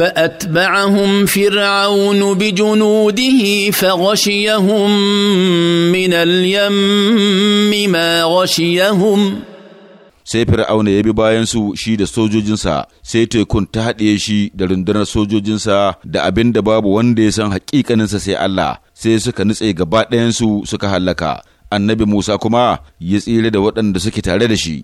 فاتبعهم فرعون بجنوده فغشيهم من اليم ما غشيهم sai fir'auna ya bi bayansu shi da sojojinsa sai tekun ta haɗiye shi da rundunar sojojinsa da abin da babu wanda ya san haƙiƙaninsa sai Allah sai suka nutse gaba ɗayansu suka hallaka annabi Musa kuma ya tsira da waɗanda suke tare da shi